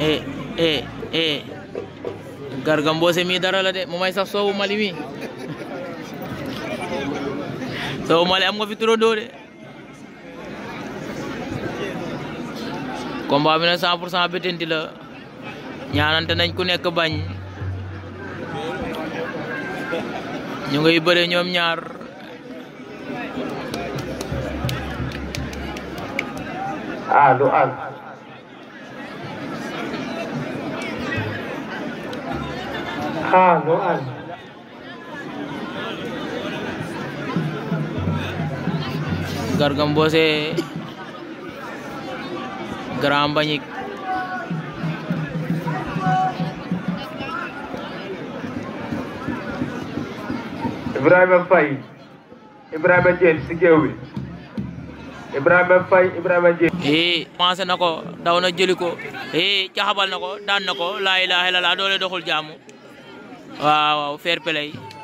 eh eh eh gargambo se mi darala de mo may sax sobu mali mi sobu mali am nga fi turo do de combat bi na 100% betenti la ñaanante nañ ku nek bañ ñu ngay ñom ñaar haluan. Gargambo si Garambanyik. Ibrahim Faye, Ibrahim James Sigewi. Ibrahima Faye Ibrahima Dieng. eh commencé na ko daw na jëli ko eh caxabal na ko daan na ko laa ilaaha illallaah doole doxul jaamu. waaw fair play